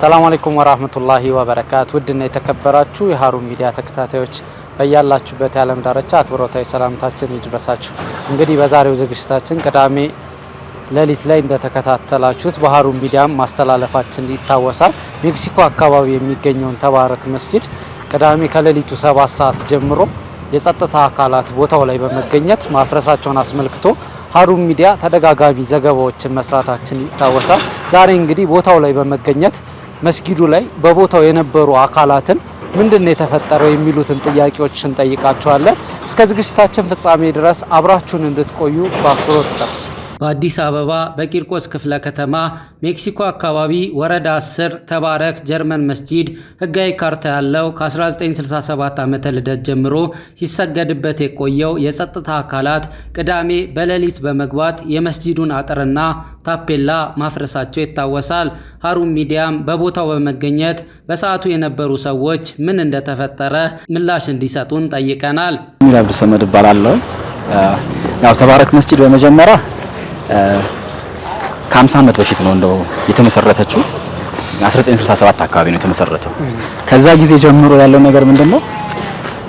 ሰላም አለይኩም ወራህመቱላሂ ወበረካቱ። ውድና የተከበራችሁ የሀሩን ሚዲያ ተከታታዮች በያላችሁበት የዓለም ዳርቻ አክብሮታዊ ሰላምታችን ይድረሳችሁ። እንግዲህ በዛሬው ዝግጅታችን ቅዳሜ ሌሊት ላይ እንደተከታተላችሁት በሀሩን ሚዲያም ማስተላለፋችን ይታወሳል። ሜክሲኮ አካባቢ የሚገኘውን ተባረክ መስጂድ ቅዳሜ ከሌሊቱ ሰባት ሰዓት ጀምሮ የጸጥታ አካላት ቦታው ላይ በመገኘት ማፍረሳቸውን አስመልክቶ ሀሩን ሚዲያ ተደጋጋሚ ዘገባዎችን መስራታችን ይታወሳል። ዛሬ እንግዲህ ቦታው ላይ በመገኘት መስጊዱ ላይ በቦታው የነበሩ አካላትን ምንድን ነው የተፈጠረው የሚሉትን ጥያቄዎች እንጠይቃቸዋለን። እስከ ዝግጅታችን ፍጻሜ ድረስ አብራችሁን እንድትቆዩ በአክብሮት ጠብስ በአዲስ አበባ በቂርቆስ ክፍለ ከተማ ሜክሲኮ አካባቢ ወረዳ 10 ተባረክ ጀርመን መስጂድ ህጋዊ ካርታ ያለው ከ1967 ዓመተ ልደት ጀምሮ ሲሰገድበት የቆየው የጸጥታ አካላት ቅዳሜ በሌሊት በመግባት የመስጂዱን አጥርና ታፔላ ማፍረሳቸው ይታወሳል። ሀሩን ሚዲያም በቦታው በመገኘት በሰዓቱ የነበሩ ሰዎች ምን እንደተፈጠረ ምላሽ እንዲሰጡን ጠይቀናል። ሚል አብዱሰመድ እባላለሁ። ያው ተባረክ መስጂድ በመጀመሪያ ከ50 ዓመት በፊት ነው እንደው የተመሰረተችው 1967 አካባቢ ነው የተመሰረተው። ከዛ ጊዜ ጀምሮ ያለው ነገር ምንድነው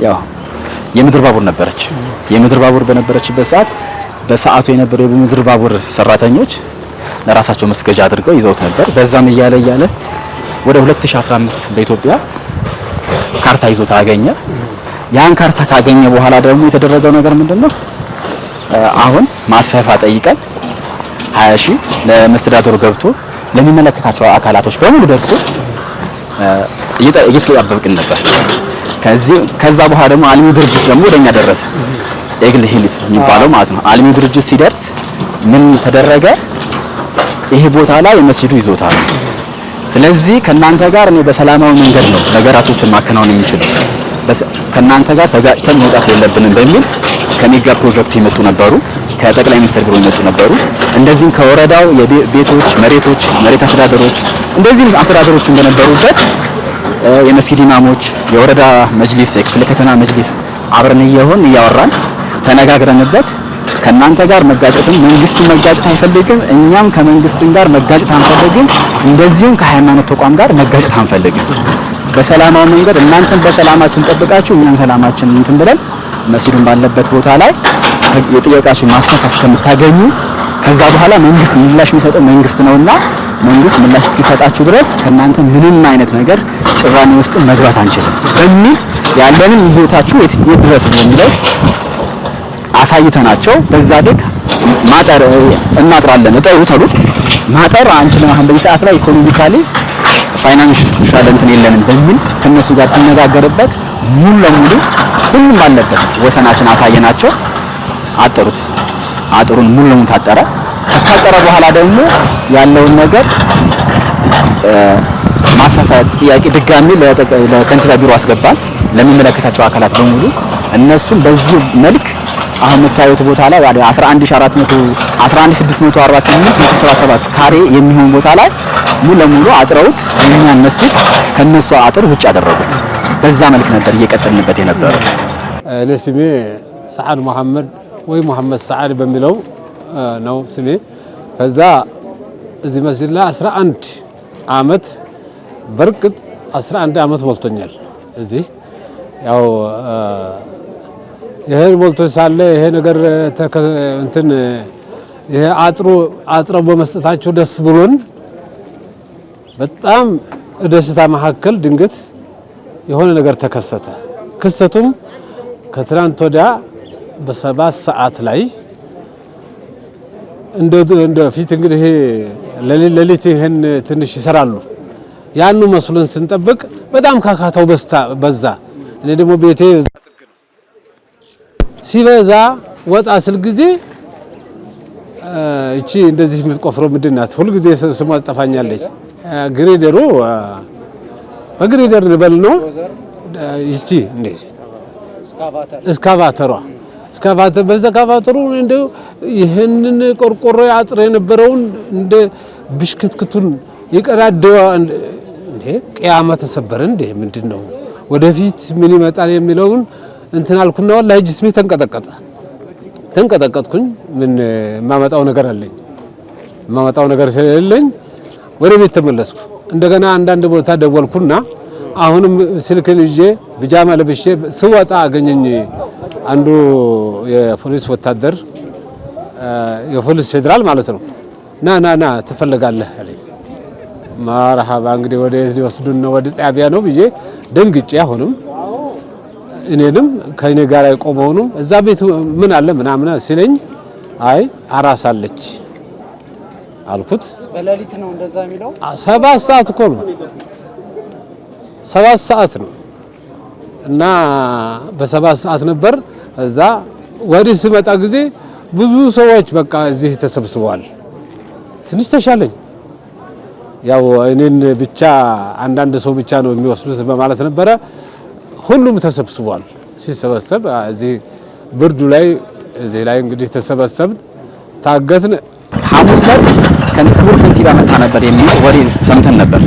ያው የምድር ባቡር ነበረች። የምድር ባቡር በነበረችበት ሰዓት በሰዓቱ የነበሩ የምድር ባቡር ሰራተኞች ለራሳቸው መስገጃ አድርገው ይዘውት ነበር። በዛም እያለ እያለ ወደ 2015 በኢትዮጵያ ካርታ ይዞታ አገኘ። ያን ካርታ ካገኘ በኋላ ደግሞ የተደረገው ነገር ምንድነው አሁን ማስፋፋ ጠይቀን ሀያ ሺህ ለመስተዳደሩ ገብቶ ለሚመለከታቸው አካላቶች በሙሉ ደርሶ እየተጠባበቅን ነበር። ከዚህ ከዛ በኋላ ደግሞ አልሚው ድርጅት ደግሞ ወደኛ ደረሰ። ኤግል ሂልስ የሚባለው ማለት ነው። አልሚው ድርጅት ሲደርስ ምን ተደረገ? ይሄ ቦታ ላይ የመስጂዱ ይዞታ ነው። ስለዚህ ከናንተ ጋር እኔ በሰላማዊ መንገድ ነው ነገራቶችን ማከናወን የሚችለው ከናንተ ጋር ተጋጭተን መውጣት የለብንም በሚል ከሚጋ ፕሮጀክት የመጡ ነበሩ፣ ከጠቅላይ ሚኒስትር ቢሮ የመጡ ነበሩ። እንደዚህም ከወረዳው የቤቶች መሬቶች፣ መሬት አስተዳደሮች እንደዚህም አስተዳደሮች በነበሩበት የመስጊድ ኢማሞች፣ የወረዳ መጅሊስ፣ የክፍለ ከተማ መጅሊስ አብረን እየሆን እያወራን ተነጋግረንበት ከእናንተ ጋር መጋጨትም መንግስቱ መጋጨት አይፈልግም፣ እኛም ከመንግስቱ ጋር መጋጨት አንፈልግም፣ እንደዚሁም ከሃይማኖት ተቋም ጋር መጋጨት አንፈልግም። በሰላማዊ መንገድ እናንተን በሰላማችን ጠብቃችሁ እኛን ሰላማችን እንትን ብለን መስጊዱን ባለበት ቦታ ላይ የጥያቄያችሁን ማስፋት እስከምታገኙ ከዛ በኋላ መንግስት ምላሽ የሚሰጠው መንግስት ነውና መንግስት ምላሽ እስኪሰጣችሁ ድረስ ከእናንተ ምንም አይነት ነገር ቅራኔ ውስጥ መግባት አንችልም በሚል ያለንን ይዞታችሁ የት ድረስ ነው የሚለው አሳይተናቸው በዛ ደግ ማጠር እናጥራለን እጠሩ ተሉ ማጠር አንችልም። አሁን በዚህ ሰዓት ላይ ኢኮኖሚካሊ ፋይናንሻል እንትን የለንም በሚል ከነሱ ጋር ሲነጋገርበት ሙሉ ለሙሉ ሁሉም አለበት ወሰናችን አሳየናቸው አጠሩት። አጥሩን ሙሉ ለሙሉ ታጠረ። ከታጠረ በኋላ ደግሞ ያለውን ነገር ማሰፋ ጥያቄ ድጋሚ ለከንቲባ ቢሮ አስገባል፣ ለሚመለከታቸው አካላት በሙሉ እነሱም በዚህ መልክ አሁን የምታዩት ቦታ ላይ ወደ 11648 ካሬ የሚሆን ቦታ ላይ ሙሉ ለሙሉ አጥረውት የኛን መስጊድ ከነሱ አጥር ውጭ አደረጉት በዛ መልክ ነበር እየቀጠልንበት የነበረው። እኔ ስሜ ሰዓድ መሐመድ ወይ ሙሐመድ ሰዓድ በሚለው ነው ስሜ። ከዛ እዚህ መስጂድ ላይ 11 አመት በርቅጥ 11 አመት ሞልቶኛል። እዚህ ያው ይሄ ሞልቶ ሳለ ይሄ ነገር እንትን ይሄ አጥሩ አጥረው በመስጠታቸው ደስ ብሎን በጣም ደስታ መካከል ድንገት የሆነ ነገር ተከሰተ። ክስተቱም ከትናንት ወዲያ በሰባት ሰዓት ላይ እንደ ፊት እንግዲህ ለሌሊት ይህን ትንሽ ይሰራሉ። ያኑ መስሎን ስንጠብቅ በጣም ካካታው በስታ በዛ። እኔ ደግሞ ቤቴ ሲበዛ ወጣ ስል ጊዜ እቺ እንደዚህ የምትቆፍረው ምንድን ናት? ሁልጊዜ ስሟ ትጠፋኛለች። ግሬደሩ በግሬደር ንበል ነው እንደዚህ እስካቫተሯ እስካቫተር በዛ እንደ እንደው ይህንን ቆርቆሮ አጥር የነበረውን እንደ ብሽክትክቱን የቀዳደዋ እንዴ ቅያማ ተሰበረ እንዴ ምንድን ነው ወደፊት ምን ይመጣል የሚለውን እንትን አልኩና ወላሂ ጅስሜ ተንቀጠቀጠ። ተንቀጠቀጥኩኝ። ምን የማመጣው ነገር አለኝ የማመጣው ነገር ስለሌለኝ ወደ ቤት ተመለስኩ። እንደገና አንዳንድ ቦታ ደወልኩና አሁንም ስልክን ልጄ ብጃማ ለብሼ ስወጣ አገኘኝ አንዱ የፖሊስ ወታደር የፖሊስ ፌዴራል ማለት ነው። ና ና ና ትፈልጋለህ አለኝ። ማርሃባ እንግዲህ ወደ የት ሊወስዱን ነው? ወደ ጣቢያ ነው ብዬ ደንግጬ አሁንም እኔንም ከኔ ጋር የቆመውንም እዛ ቤት ምን አለ ምናምን ሲለኝ አይ አራሳለች አልኩት። በሌሊት ነው እንደዛ የሚለው። ሰባት ሰዓት እኮ ነው፣ ሰባት ሰዓት ነው እና በሰባት ሰዓት ነበር። እዛ ወዲህ ስመጣ ጊዜ ብዙ ሰዎች በቃ እዚህ ተሰብስበዋል። ትንሽ ተሻለኝ። ያው እኔን ብቻ አንዳንድ ሰው ብቻ ነው የሚወስዱት በማለት ነበረ። ሁሉም ተሰብስቧል። ሲሰበሰብ እዚህ ብርዱ ላይ እዚህ ላይ እንግዲህ ተሰበሰብን፣ ታገትን። ሐሙስ ዕለት ክቡር ከንቲባ መጣ ነበር የሚል ወሬ ሰምተን ነበር።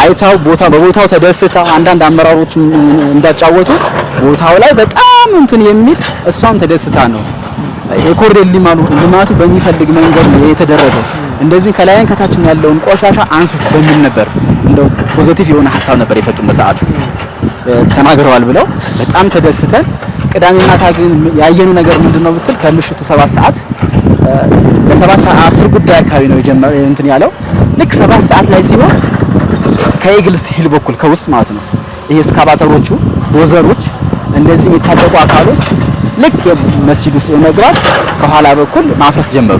አይታው ቦታ በቦታው ተደስተው አንዳንድ አመራሮች እንዳጫወቱ ቦታው ላይ በጣም እንትን የሚል እሷም ተደስታ ነው። የኮሪደር ልማቱ በሚፈልግ መንገድ ነው የተደረገው። እንደዚህ ከላይን ከታችን ያለውን ቆሻሻ አንሱት በሚል ነበር። እንደው ፖዚቲቭ የሆነ ሀሳብ ነበር የሰጡን በሰዓቱ ተናግረዋል ብለው በጣም ተደስተን ቅዳሜ ታግን ያየኑ ነገር ምንድነው ብትል ከምሽቱ ሰባት ሰዓት ለሰባት አስር ጉዳይ አካባቢ ነው የጀመረ እንትን ያለው ልክ ሰባት ሰዓት ላይ ሲሆን ከኤግልስ ሂል በኩል ከውስጥ ማለት ነው። ይሄ እስካባተሮቹ ዶዘሮች፣ እንደዚህ የታጠቁ አካሎች ልክ መስጂድ ውስጥ በመግባት ከኋላ በኩል ማፍረስ ጀመሩ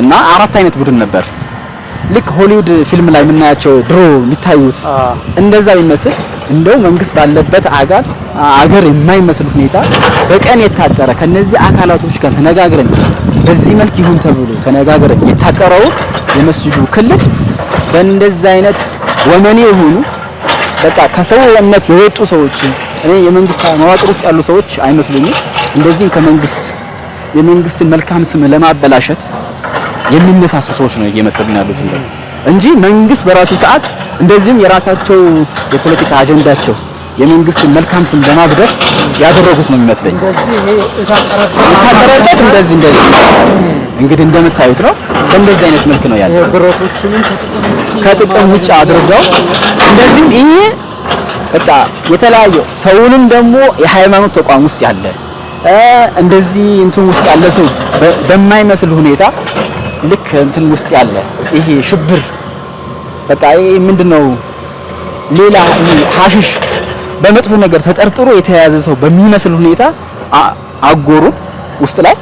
እና አራት አይነት ቡድን ነበር። ልክ ሆሊውድ ፊልም ላይ የምናያቸው ድሮ የሚታዩት እንደዛ ይመስል እንደው መንግስት ባለበት አጋር አገር የማይመስል ሁኔታ በቀን የታጠረ ከነዚህ አካላቶች ጋር ተነጋግረን በዚህ መልክ ይሁን ተብሎ ተነጋግረን የታጠረው የመስጂዱ ክልል በእንደዚህ አይነት ወመኔ የሆኑ በቃ ከሰውነት የወጡ ሰዎች እኔ የመንግስት መዋቅር ውስጥ ያሉ ሰዎች አይመስሉኝም። እንደዚህ ከመንግስት የመንግስትን መልካም ስም ለማበላሸት የሚነሳሱ ሰዎች ነው እየመሰሉ ያሉት እንጂ መንግስት በራሱ ሰዓት እንደዚህም የራሳቸው የፖለቲካ አጀንዳቸው የመንግስትን መልካም ስም ለማግደፍ ያደረጉት ነው የሚመስለኝ። የታጠረበት እንደዚህ እንደዚህ እንግዲህ እንደምታዩት ነው። በእንደዚህ አይነት መልክ ነው ያለው። ከጥቅም ውጭ አድርገው እንደዚህም ይሄ በቃ የተለያየ ሰውንም ደግሞ የሃይማኖት ተቋም ውስጥ ያለ እንደዚህ እንትን ውስጥ ያለ ሰው በማይመስል ሁኔታ ልክ እንትን ውስጥ ያለ ይሄ ሽብር በቃ ይሄ ምንድነው ሌላ ሀሽሽ በመጥፎ ነገር ተጠርጥሮ የተያያዘ ሰው በሚመስል ሁኔታ አጎሩ ውስጥ ላይ።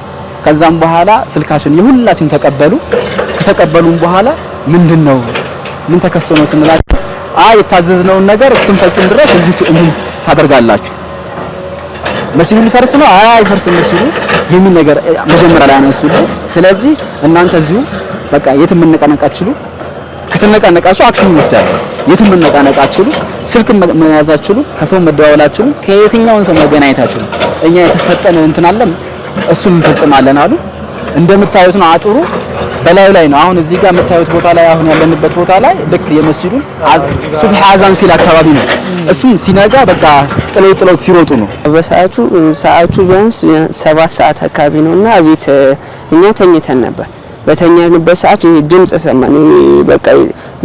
ከዛም በኋላ ስልካችን የሁላችን ተቀበሉ። ከተቀበሉም በኋላ ምንድን ነው ምን ተከስቶ ነው ስንላችሁ፣ አይ የታዘዝነውን ነገር እስክንፈጽም ድረስ እዚህ እንዲህ ታደርጋላችሁ። መስሉ ሊፈርስ ነው፣ አይ አይፈርስም መስሉ የሚል ነገር መጀመሪያ ላይ አነሱልን። ስለዚህ እናንተ እዚሁ በቃ የትም እንቀነቃችሉ ከተነቃነቃችሁ አክሽን ይወስዳል። የትም መነቃነቃችሁ፣ ስልክ መያዝ ከሰው መደዋወላችሁ፣ አትችሉ፣ ከየትኛውን ሰው መገናኘታችሁ እኛ የተሰጠን እንትን አለም እሱን እንፈጽማለን አሉ። እንደምታዩት ነው አጥሩ በላዩ ላይ ነው። አሁን እዚህ ጋር የምታዩት ቦታ ላይ አሁን ያለንበት ቦታ ላይ ልክ የመስጂዱን ሱብህ አዛን ሲል አካባቢ ነው። እሱም ሲነጋ በቃ ጥለው ጥለው ሲሮጡ ነው። በሰዓቱ ሰዓቱ ቢያንስ ሰባት ሰዓት አካባቢ ነውና ቤት እኛ ተኝተን ነበር። በተኛንበት ሰዓት ይሄ ድምጽ ሰማን። በቃ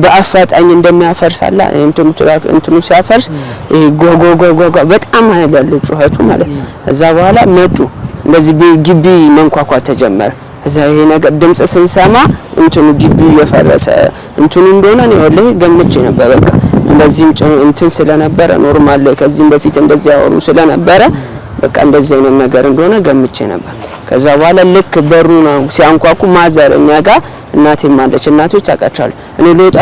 በአፋጣኝ እንደሚያፈርሳላ እንትም ትራክ እንትኑ ሲያፈርስ ይሄ ጎጎጎጎ በጣም ኃይል ያለው ጩኸቱ ማለት እዛ በኋላ መጡ። እንደዚህ ግቢ መንኳኳ ተጀመረ። እዛ ይሄ ነገር ድምጽ ስንሰማ እንትኑ ግቢ የፈረሰ እንትኑ እንደሆነ ነው ያለ ገምቼ ነበር። በቃ እንደዚህም እንትን ስለነበረ ኖርማል ከዚህም በፊት እንደዚህ ያወሩ ስለነበረ በቃ እንደዚህ አይነት ነገር እንደሆነ ገምቼ ነበር። ከዛ በኋላ ልክ በሩ ነው ሲያንኳኩ ማዘር እኛ ጋር እናቴም አለች። እናቶች አውቃቸዋል። እኔ ልወጣ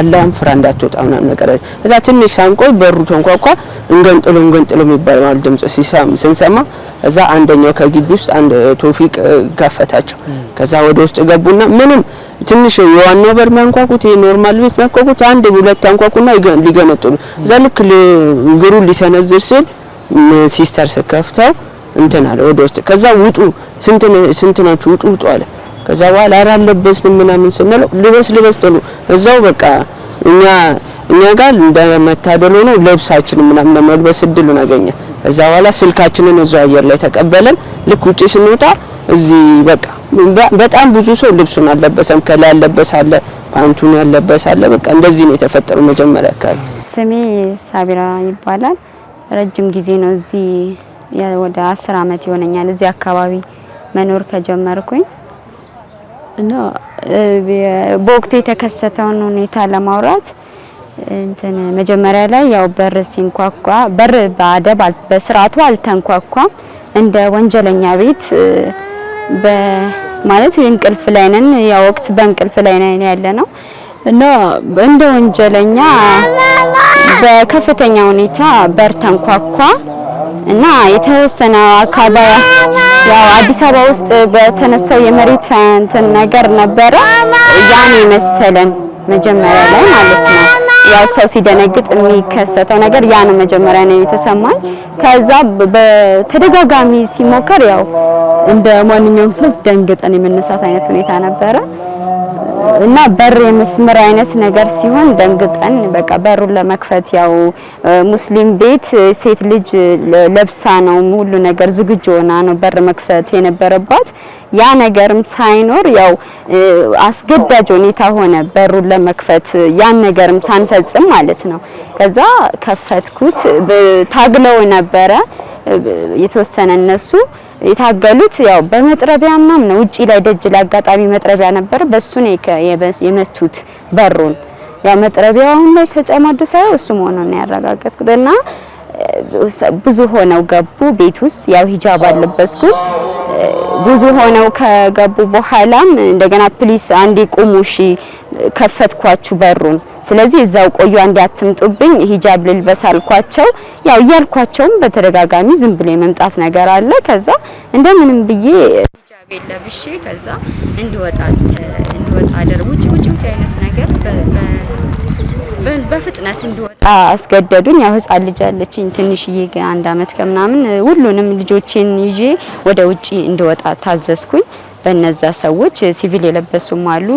አላህን ፍራ እንዳትወጣ ምናምን ነገር አለ። ትንሽ ሳንቆይ በሩ ተንኳኳ። እንገንጥሎ እንገንጥሎ የሚባል ድምጽ ሲሰማ ስንሰማ እዛ አንደኛው ከግቢ ውስጥ አንድ ቶፊቅ ከፈታቸው። ከዛ ወደ ውስጥ ገቡና ምንም ትንሽ የዋናው በር የሚያንኳኩት ይሄ ኖርማል ቤት የሚያንኳኩት አንድ ሁለት አንኳኩና ሊገነጥሉ እዛ ልክ እግሩ ሊሰነዝር ሲል ሲስተር ስከፍተው እንትን አለ ወደ ውስጥ። ከዛ ውጡ ስንት ስንትኖቹ ውጡ ውጡ አለ። ከዛ በኋላ ኧረ አለበስንም ምናምን ስንለው ልበስ ልበስ ጥሉ እዛው በቃ እኛ እኛ ጋር እንደመታደል ሆኖ ልብሳችን ምናምን ለመልበስ እድሉን አገኘ። እዛ በኋላ ስልካችንን እዛው አየር ላይ ተቀበለን። ልክ ውጪ ስንወጣ እዚህ በቃ በጣም ብዙ ሰው ልብሱን አለበሰም፣ ከላይ ያለበሰ ፓንቱን ያለበሳለ። በቃ እንደዚህ ነው የተፈጠረው መጀመሪያ አካባቢ። ስሜ ሳቢራ ይባላል። ረጅም ጊዜ ነው። እዚህ ወደ አስር አመት ይሆነኛል እዚህ አካባቢ መኖር ከጀመርኩኝ እና በወቅቱ የተከሰተውን ሁኔታ ለማውራት እንትን መጀመሪያ ላይ ያው በር ሲንኳኳ በር በአደብ በስርዓቱ አልተንኳኳም። እንደ ወንጀለኛ ቤት በማለት እንቅልፍ ላይ ነን፣ ያ ወቅት በእንቅልፍ ላይ ነን ያለ ነው። እና እንደ ወንጀለኛ በከፍተኛ ሁኔታ በር ተንኳኳ እና የተወሰነ አካባቢ ያው አዲስ አበባ ውስጥ በተነሳው የመሬት እንትን ነገር ነበረ ያን የመሰለን መጀመሪያ ላይ ማለት ነው። ያው ሰው ሲደነግጥ የሚከሰተው ነገር ያን መጀመሪያ ነው የተሰማኝ። ከዛ በተደጋጋሚ ሲሞከር ያው እንደ ማንኛውም ሰው ደንግጠን የመነሳት አይነት ሁኔታ ነበረ። እና በር የመስመር አይነት ነገር ሲሆን ደንግጠን በቃ በሩን ለመክፈት ያው ሙስሊም ቤት ሴት ልጅ ለብሳ ነው ሁሉ ነገር ዝግጁ ሆና ነው በር መክፈት የነበረባት። ያ ነገርም ሳይኖር ያው አስገዳጅ ሁኔታ ሆነ በሩን ለመክፈት ያን ነገርም ሳንፈጽም ማለት ነው። ከዛ ከፈትኩት። ታግለው ነበረ የተወሰነ እነሱ የታገሉት ያው በመጥረቢያ ምናምን ነው። ውጪ ላይ ደጅ ላይ አጋጣሚ መጥረቢያ ነበር፣ በሱ ነው የመቱት በሩን። ያው መጥረቢያውን ላይ ተጨማዶ ሳይሆን እሱ መሆኑን ያረጋገጥኩት እና ብዙ ሆነው ገቡ ቤት ውስጥ ያው ሂጃብ አለበስኩ። ብዙ ሆነው ከገቡ በኋላም እንደገና ፕሊስ አንዴ ቁሙ እሺ፣ ከፈትኳችሁ በሩን። ስለዚህ እዛው ቆዩ አንዴ አትምጡብኝ፣ ሂጃብ ልልበስ አልኳቸው። ያው እያልኳቸውም በተደጋጋሚ ዝም ብሎ የመምጣት ነገር አለ። ከዛ እንደምንም ብዬ ሂጃብ የለብሼ ከዛ እንድወጣ እንድወጣ አደር ውጪ ውጪ ውጪ አይነት ነገር በፍጥነት እንዲወጣ አስገደዱኝ። ያው ህፃን ልጅ አለችኝ ትንሽዬ አንድ አመት ከምናምን ሁሉንም ልጆችን ይዤ ወደ ውጪ እንድወጣ ታዘዝኩኝ። በነዛ ሰዎች ሲቪል የለበሱም አሉ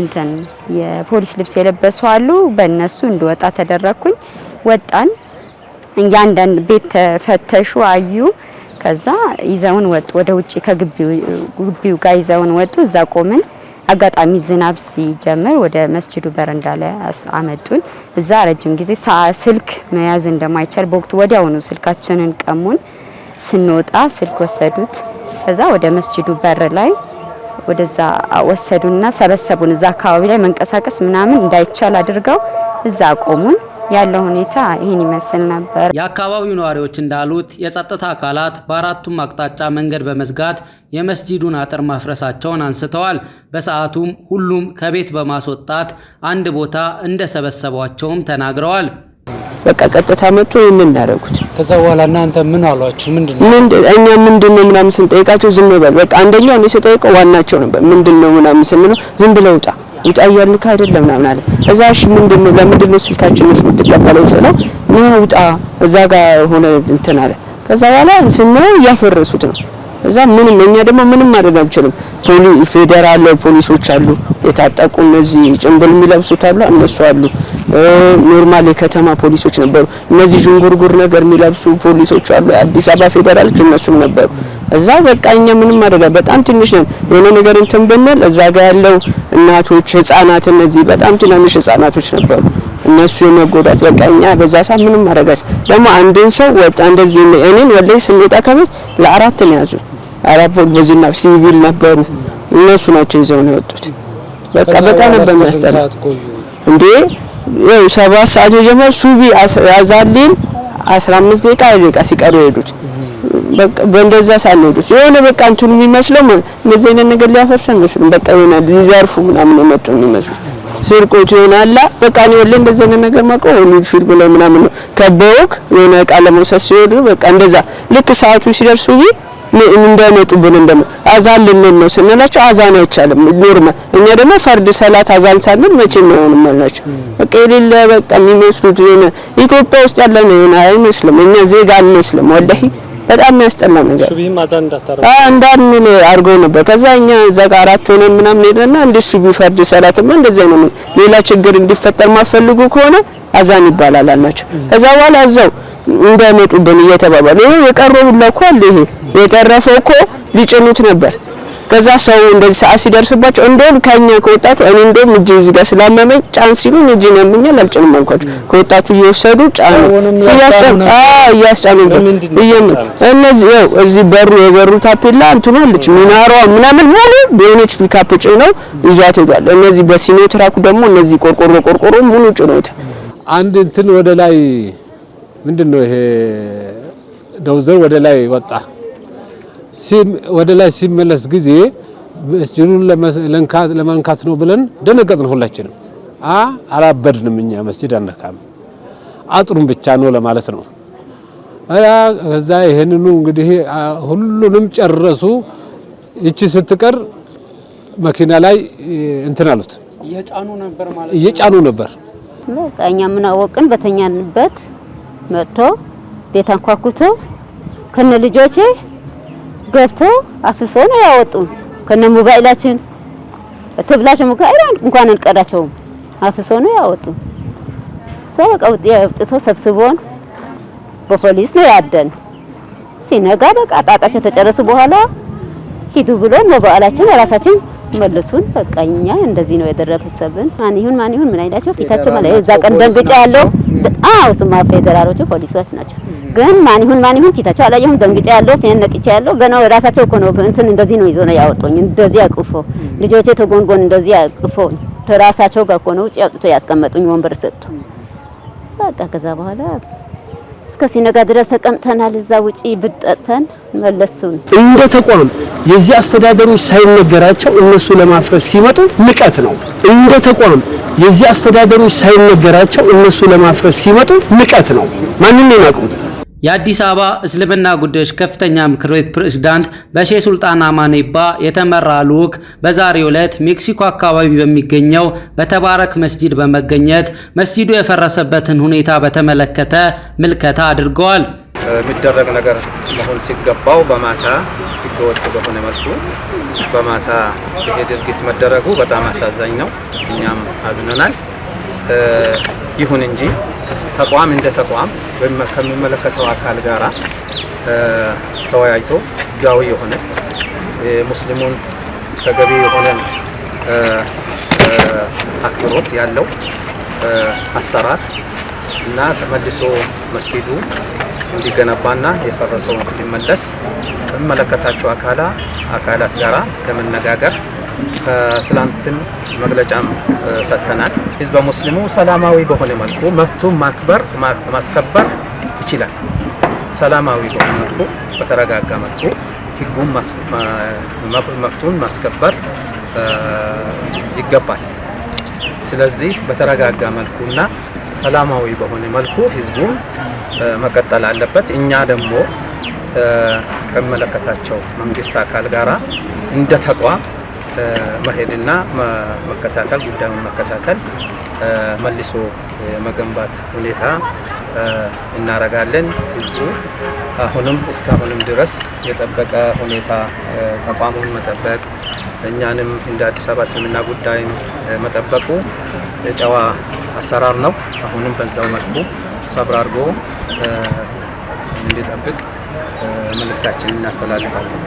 እንትን የፖሊስ ልብስ የለበሱ አሉ። በእነሱ እንድወጣ ተደረግኩኝ። ወጣን። እያንዳንድ ቤት ተፈተሹ፣ አዩ። ከዛ ይዘውን ወጡ። ወደ ውጪ ከግቢው ጋር ይዘውን ወጡ። እዛ ቆምን። አጋጣሚ ዝናብ ሲጀምር ወደ መስጅዱ በር እንዳለ አመጡን። እዛ ረጅም ጊዜ ስልክ መያዝ እንደማይቻል በወቅቱ ወዲያውኑ ስልካችንን ቀሙን። ስንወጣ ስልክ ወሰዱት። ከዛ ወደ መስጅዱ በር ላይ ወደዛ ወሰዱና ሰበሰቡን። እዛ አካባቢ ላይ መንቀሳቀስ ምናምን እንዳይቻል አድርገው እዛ አቆሙን። ያለው ሁኔታ ይህን ይመስል ነበር። የአካባቢው ነዋሪዎች እንዳሉት የጸጥታ አካላት በአራቱም አቅጣጫ መንገድ በመዝጋት የመስጂዱን አጥር ማፍረሳቸውን አንስተዋል። በሰዓቱም ሁሉም ከቤት በማስወጣት አንድ ቦታ እንደሰበሰቧቸውም ተናግረዋል። በቃ ቀጥታ መጥቶ ይህንን ያደረጉት። ከዛ በኋላ እናንተ ምን አሏችሁ? ምንድነው እኛ ምንድነው ምናምን ስንጠይቃቸው ዝም በል በቃ አንደኛው እኔ ስጠይቀው ዋናቸው ነበር ምንድነው ምናምን ስንለው ዝም ብለው ውጣ ይጣያሉ አይደለም ምናምን አለ። እዛ እሺ ምንድን ነው ለምንድን ነው ስልካችንስ የምትቀበለኝ ስለው ነው ውጣ እዛ ጋር ሆነ እንትን አለ። ከዛ በኋላ ስናየው እያፈረሱት ነው። እዛ ምንም እኛ ደግሞ ምንም ማድረግ አንችልም። ፌዴራል ፖሊሶች አሉ የታጠቁ እነዚህ ጭንብል የሚለብሱት አሉ እነሱ አሉ። ኖርማል የከተማ ፖሊሶች ነበሩ። እነዚህ ዥንጉርጉር ነገር የሚለብሱ ፖሊሶች አሉ። አዲስ አበባ ፌዴራሎች እነሱም ነበሩ። እዛ በቃ እኛ ምንም አደጋ በጣም ትንሽ ነን። የሆነ ነገር እንትን ብንል እዛ ጋር ያለው እናቶች፣ ህጻናት፣ እነዚህ በጣም ትናንሽ ህጻናቶች ነበሩ። እነሱ የመጎዳት በቃ እኛ በዛ ሰዓት ምንም አደረጋች። ደግሞ አንድን ሰው ወጣ እንደዚህ እኔን ወላሂ ስንወጣ ከቤት ለአራት ነው ያዙ። አራት ቦዝና ሲቪል ነበሩ እነሱ ናቸው ይዘው ነው የወጡት። በቃ በጣም ነበር የሚያስጠላ እንዴ ያው ሰባት ሰዓት የጀመረ ሱቢ አዛሊን 15 ደቂቃ ደቂቃ ሲቀሩ የሄዱት በእንደዛ ሳንሄዱት የሆነ በቃ እንትኑ የሚመስለው እንደዚህ አይነት ነገር ሊያፈርሱ አይመስሉም። በቃ የሆነ ሊዘርፉ ምናምን የመጡ የሚመስሉት ስርቆት ይሆናላ። በቃ ነው ያለ እንደዚህ አይነት ነገር ማቆም ሆሊውድ ፊል ብሎ ምናምን ነው ከበውክ የሆነ እቃ ለመውሰድ ሲወዱ በቃ እንደዛ ልክ ሰዓቱ ሲደርሱ ቢ እንዳይመጡብን እንደም አዛን ልንል ነው ስንላቸው አዛን አይቻልም። ኖርማል እኛ ደግሞ ፈርድ ሰላት አዛን ሳንል መቼም አይሆንም አላቸው። በቃ የሌለ በቃ የሚመስሉት የሆነ ኢትዮጵያ ውስጥ ያለ ነው አይመስልም። እኛ ዜጋ አንመስልም ወላሂ በጣም የሚያስጠላው ነገር እንዳንል አድርገው ነበር። ከዛ እኛ እዛ ጋር አራት ሆነን ምናምን ሄደና እንደሱ ቢፈርድ ሰላትማ እንደዚህ ነው ሌላ ችግር እንዲፈጠር ማፈልጉ ከሆነ አዛን ይባላል አልናቸው። ከዛ በኋላ እዛው እንዳይመጡብን እየተባባሉ ይሄ የቀረው ሁላ እኮ አለ። ይሄ የተረፈው እኮ ሊጭኑት ነበር ከዛ ሰው እንደዚህ ሰዓት ሲደርስባቸው እንደውም ከኛ ከወጣቱ እኔ እንደውም እጅ እዚህ ጋር ስላመመኝ ጫን ሲሉኝ እጅ ነው ያመኛል፣ አልጭንም አልኳቸው። ከወጣቱ እየወሰዱ ጫኑ ሲያስጫኑ እያስጫኑ እነዚህ ያው እዚህ በሩ የበሩ ታፔላ እንትኑ አለች ሚናሯ ምናምን ሙሉ የሆነች ፒካፕ ጭነው ነው ይዟት ሄዷል። እነዚህ በሲኖ ትራኩ ደግሞ እነዚህ ቆርቆሮ ቆርቆሮ ሙሉ ጭነውታል። አንድ እንትን ወደ ላይ ምንድን ነው ይሄ ደውዘር ወደ ላይ ወጣ ወደ ላይ ሲመለስ ጊዜ መስጅዱን ለመንካት ነው ብለን ደነገጥን። ሁላችንም አ አላበድንም። እኛ መስጅድ አነካም፣ አጥሩን ብቻ ነው ለማለት ነው። ከዛ ይህንኑ እንግዲህ ሁሉንም ጨረሱ። ይቺ ስትቀር መኪና ላይ እንትን አሉት እየጫኑ ነበር። በቃ እኛ ምን አወቅን? በተኛንበት መጥቶ ቤት አንኳኩቶ ከነ ልጆቼ ገፍቶ አፍሶ ነው ያወጡን ከነ ሞባይላችን ተብላቸው ሞባይል እንኳን አልቀዳቸውም። አፍሶ ነው ያወጡን። ሰው ሰብስቦን በፖሊስ ነው ያደን። ሲነጋ በቃ ጣጣቸው ተጨረሱ በኋላ ሂዱ ብሎን በበዓላችን ራሳችን መልሱን በቃ እኛ እንደዚህ ነው የደረሰብን። ማን ይሁን ማን ይሁን ምን አይላቸው ፊታቸው ማለት እዛ ቀን ደንግጬ ያለው አው ስማ ፌዴራሎቹ ፖሊሶች ናቸው። ግን ማን ይሁን ማን ይሁን ፊታቸው አላየሁም። ደንግጬ ያለው ፌን ነቅቼ ያለው ገና ራሳቸው እኮ ነው እንትን እንደዚህ ነው ይዞ ነው ያወጡኝ። እንደዚህ አቅፎ ልጆቼ ተጎንጎን እንደዚህ አቅፎ ራሳቸው ጋር እኮ ነው ውጭ አውጥቶ ያስቀመጡኝ። ወንበር ሰጥቶ በቃ ከዛ በኋላ እስከ ሲነጋ ድረስ ተቀምጠናል። እዛ ውጪ ብጠተን መለሱን። እንደ ተቋም የዚህ አስተዳደሮች ሳይነገራቸው እነሱ ለማፍረስ ሲመጡ ንቀት ነው። እንደ ተቋም የዚህ አስተዳደሮች ሳይነገራቸው እነሱ ለማፍረስ ሲመጡ ንቀት ነው። ማንንም ያውቁት የአዲስ አበባ እስልምና ጉዳዮች ከፍተኛ ምክር ቤት ፕሬዝዳንት በሼህ ሱልጣን አማኔባ የተመራ ልዑክ በዛሬው ዕለት ሜክሲኮ አካባቢ በሚገኘው በተባረክ መስጂድ በመገኘት መስጂዱ የፈረሰበትን ሁኔታ በተመለከተ ምልከታ አድርገዋል። የሚደረግ ነገር መሆን ሲገባው በማታ ህገወጥ በሆነ መልኩ በማታ ይሄ ድርጊት መደረጉ በጣም አሳዛኝ ነው። እኛም አዝነናል። ይሁን እንጂ ተቋም እንደ ተቋም ከሚመለከተው አካል ጋር ተወያይቶ ህጋዊ የሆነ ሙስሊሙን ተገቢ የሆነ አክብሮት ያለው አሰራር እና ተመልሶ መስጊዱ እንዲገነባና የፈረሰው እንዲመለስ ከሚመለከታቸው አካላ አካላት ጋራ ለመነጋገር ከትላንትም መግለጫም ሰጥተናል። ህዝበ ሙስሊሙ ሰላማዊ በሆነ መልኩ መብቱን ማክበር ማስከበር ይችላል። ሰላማዊ በሆነ መልኩ በተረጋጋ መልኩ ህጉን መብቱን ማስከበር ይገባል። ስለዚህ በተረጋጋ መልኩና ሰላማዊ በሆነ መልኩ ህዝቡን መቀጠል አለበት። እኛ ደግሞ ከሚመለከታቸው መንግስት አካል ጋራ እንደ ተቋም መሄድና መከታተል ጉዳዩን መከታተል መልሶ የመገንባት ሁኔታ እናረጋለን። ህዝቡ አሁንም እስካሁንም ድረስ የጠበቀ ሁኔታ ተቋሙን መጠበቅ እኛንም እንደ አዲስ አበባ ስምና ጉዳይም መጠበቁ የጨዋ አሰራር ነው። አሁንም በዛው መልኩ ሰብር አድርጎ እንዲጠብቅ መልእክታችንን እናስተላልፋለን።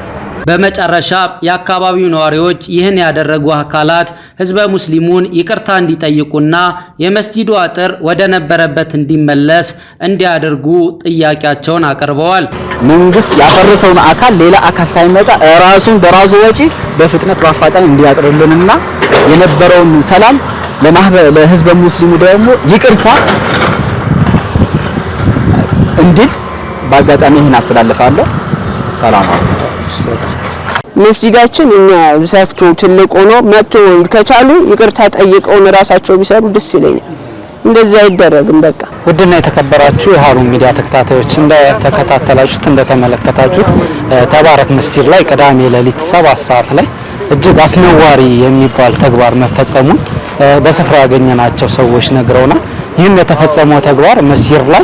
በመጨረሻ የአካባቢው ነዋሪዎች ይህን ያደረጉ አካላት ህዝበ ሙስሊሙን ይቅርታ እንዲጠይቁና የመስጂዱ አጥር ወደ ነበረበት እንዲመለስ እንዲያደርጉ ጥያቄያቸውን አቅርበዋል። መንግስት ያፈረሰውን አካል ሌላ አካል ሳይመጣ ራሱን በራሱ ወጪ በፍጥነት በአፋጣኝ እንዲያጥርልንና የነበረውን ሰላም ለህዝበ ሙስሊሙ ደግሞ ይቅርታ እንዲል በአጋጣሚ ይህን አስተላልፋለሁ። ሰላም መስጂዳችን እኛ ሰፍቶ ትልቅ ሆኖ መጥቶ ከቻሉ ይቅርታ ጠይቀውን ራሳቸው ቢሰሩ ደስ ይለኛል። እንደዚህ አይደረግም። በቃ ውድና የተከበራችሁ የሀሩን ሚዲያ ተከታታዮች እንደተከታተላችሁት እንደተመለከታችሁት ተባረክ መስጂድ ላይ ቅዳሜ ሌሊት ሰባት ሰዓት ላይ እጅግ አስነዋሪ የሚባል ተግባር መፈጸሙን በስፍራው ያገኘናቸው ሰዎች ነግረውናል። ይህም የተፈጸመው ተግባር መስጊድ ላይ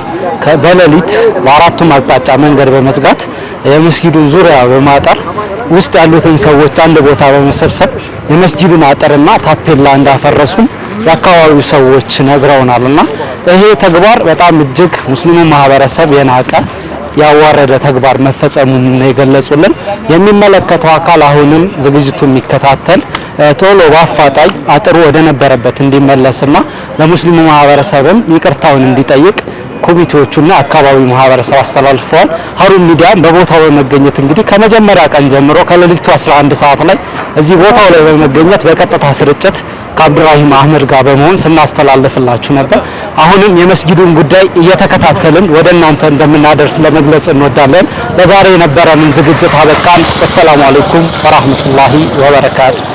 በሌሊት በአራቱም አቅጣጫ መንገድ በመዝጋት የመስጊዱን ዙሪያ በማጠር ውስጥ ያሉትን ሰዎች አንድ ቦታ በመሰብሰብ የመስጊዱን አጥርና ታፔላ እንዳፈረሱም የአካባቢው ሰዎች ነግረውናል። እና ይሄ ተግባር በጣም እጅግ ሙስሊሙ ማህበረሰብ የናቀ ያዋረደ ተግባር መፈጸሙን የገለጹልን። የሚመለከተው አካል አሁንም ዝግጅቱ የሚከታተል ቶሎ በአፋጣኝ አጥሩ ወደ ነበረበት እንዲመለስና ለሙስሊሙ ማህበረሰብም ይቅርታውን እንዲጠይቅ ኮሚቴዎቹና አካባቢ ማህበረሰብ አስተላልፈዋል። ሀሩን ሚዲያ በቦታው በመገኘት እንግዲህ ከመጀመሪያ ቀን ጀምሮ ከሌሊቱ 11 ሰዓት ላይ እዚህ ቦታው ላይ በመገኘት በቀጥታ ስርጭት ከአብዱራሂም አህመድ ጋር በመሆን ስናስተላልፍላችሁ ነበር። አሁንም የመስጊዱን ጉዳይ እየተከታተልን ወደ እናንተ እንደምናደርስ ለመግለጽ እንወዳለን። ለዛሬ የነበረንን ዝግጅት አበቃን። ወሰላሙ አለይኩም ወራህመቱላሂ ወበረካቱ።